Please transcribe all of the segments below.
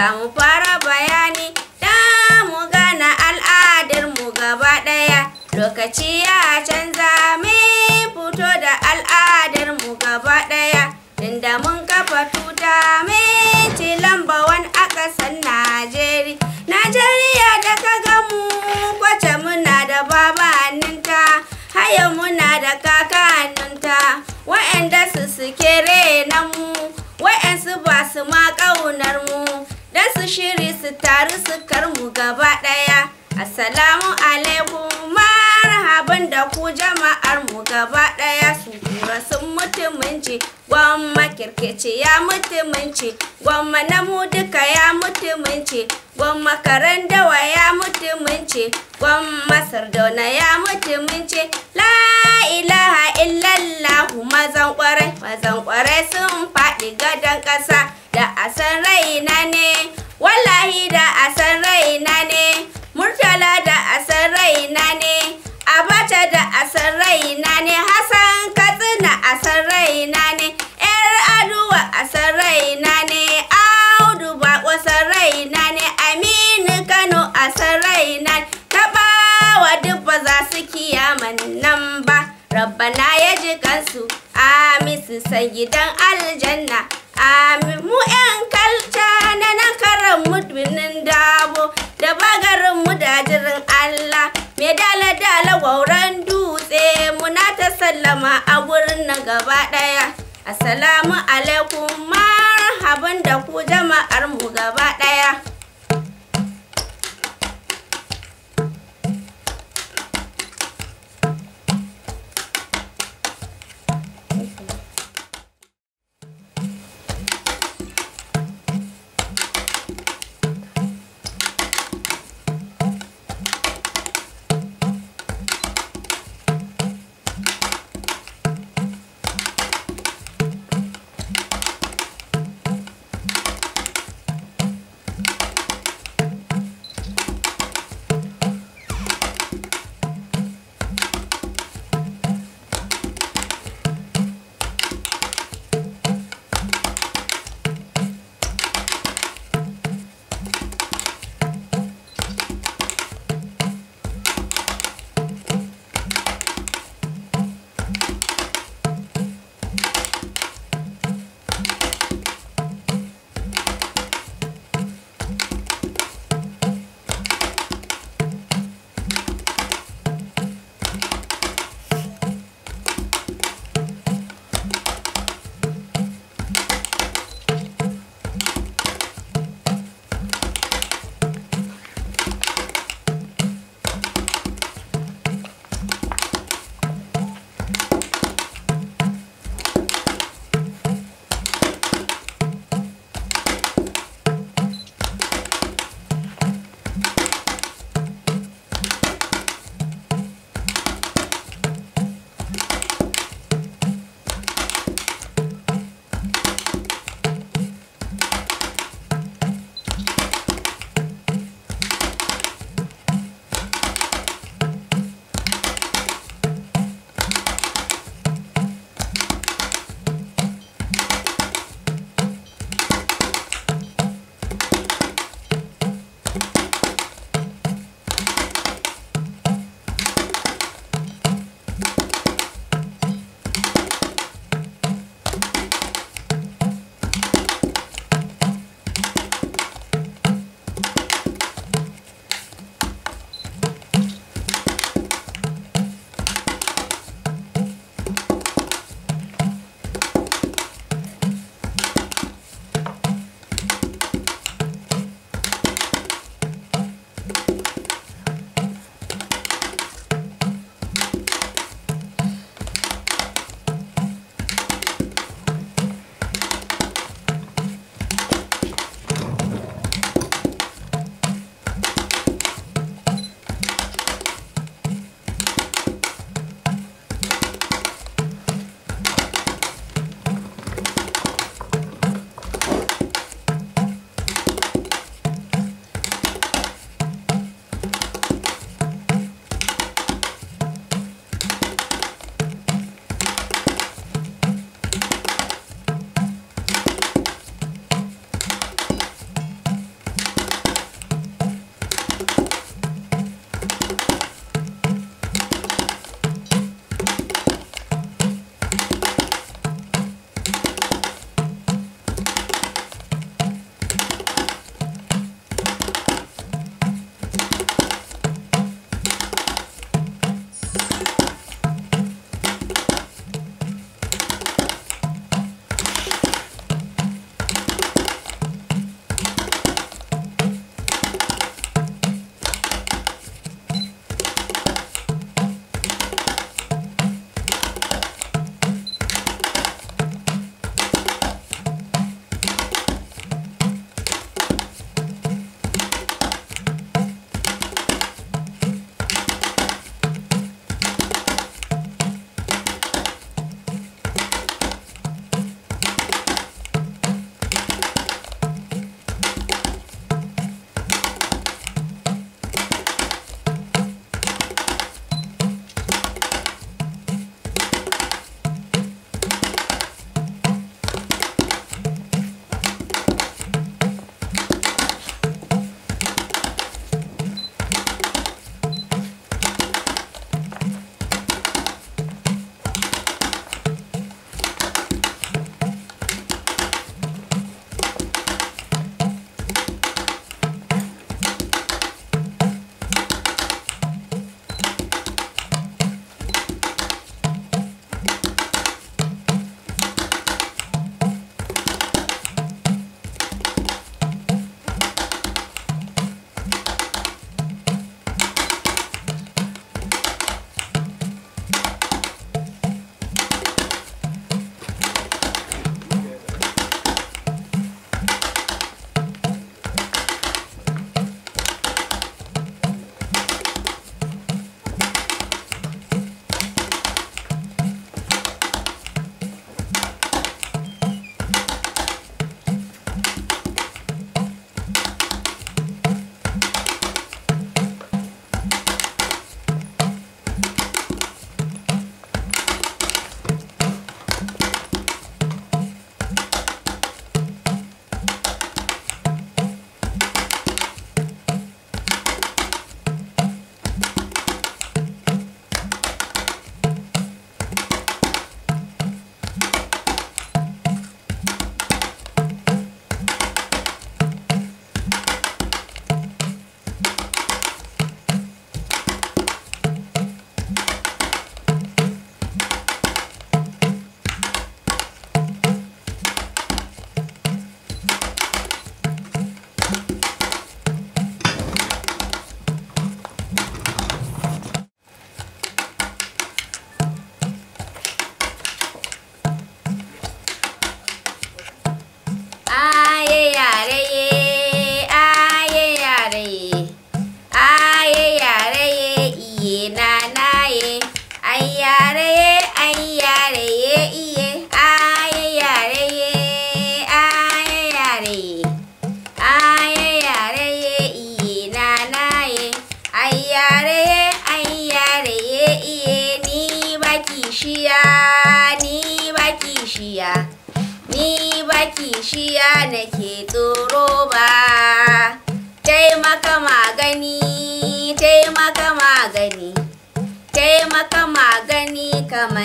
za mu fara bayani da mu gana al'adar mu gaba ɗaya lokaci ya canza mu fito da al'adar mu gaba ɗaya tunda mun kafa tuta mu ci lamba wani akasan najeriya najeriya da ka mu kwace muna da babaninta haya muna da kakanninta wa'anda su suke renan mu wa'ansu ba su ma ƙaunar mu don su shiri su taru su karmu gaba ɗaya assalamu alaikum marhaban da ku jama'ar mu gaba daya su kura sun mutumunci gwamma kirkici ya mutumunci gwamma na mu duka ya mutumunci gwamma karen dawa ya mutumunci gwamma sardauna ya mutumunci la ila kiyaman ba rabbana ya ji kansu amin su san gidan aljanna amin mu yan kalca na nan karan mu dabo da bagarin mu dajirin allah me dala dala wauran dutse muna ta sallama a wurin nan gaba daya assalamu alaikum marhaban da ku jama'ar mu gaba daya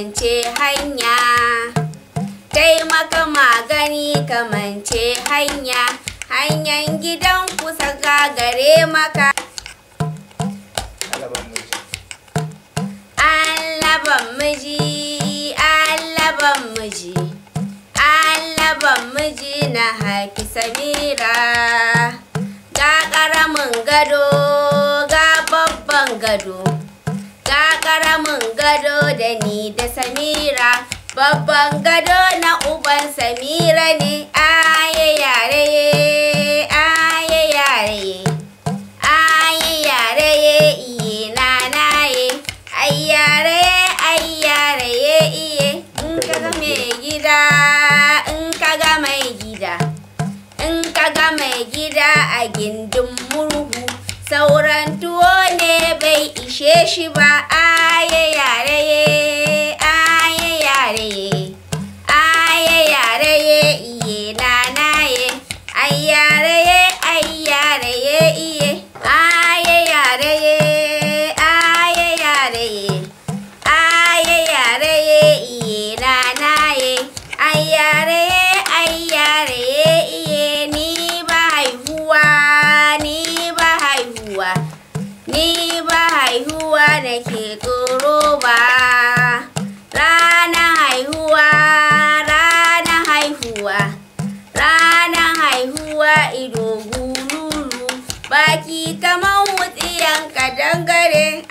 kamance hanya taimaka magani kamance hanya hanyan gidan kusa gagare maka Allaban miji Allaban miji Allaban miji na haifi samira ga ƙaramin gado ga babban gado ga ƙaramin gado da ni da Samira babban gado na uban Samira ne aye yare aye yare aye yare iye na naye ay yare ay iye in ga mai gida in ga mai gida in ga mai gida a gindin murhu sauran tuwo ne bai ishe shi ba ay ay ay ay ay ay da ke tsoro ba rana haihuwa rana haihuwa rana haihuwa ido gululu baki kamar wutsiyan kadangare